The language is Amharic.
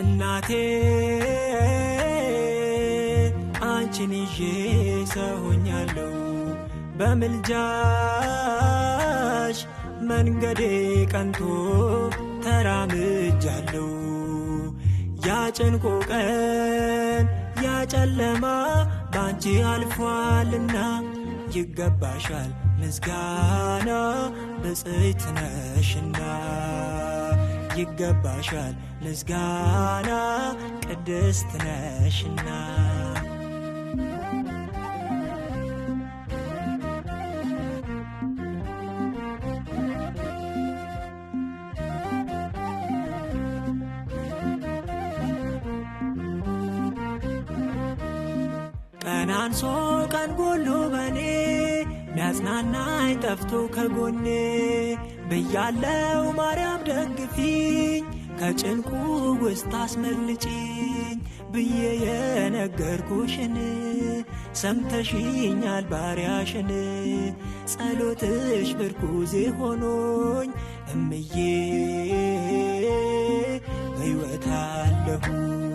እናቴ አንቺን ይዤ ሰሆኛለሁ በምልጃሽ መንገዴ ቀንቶ ተራምጃለሁ። ያጭንቁ ቀን ያጨለማ ባንቺ አልፏልና ይገባሻል ምስጋና ብፅዕት ይገባሻል ምስጋና ቅድስት ነሽና ቀናንሶ ቀን ጎሎ በኔ ሚያጽናናኝ ጠፍቶ ከጎኔ ብያለው ማርያም ደግፊኝ ከጭንቁ ውስጥ አስመልጪኝ ብዬ የነገርኩሽን ሰምተሽኛል ባሪያሽን ጸሎትሽ ብርኩዜ ሆኖኝ እምዬ ሕይወት አለሁ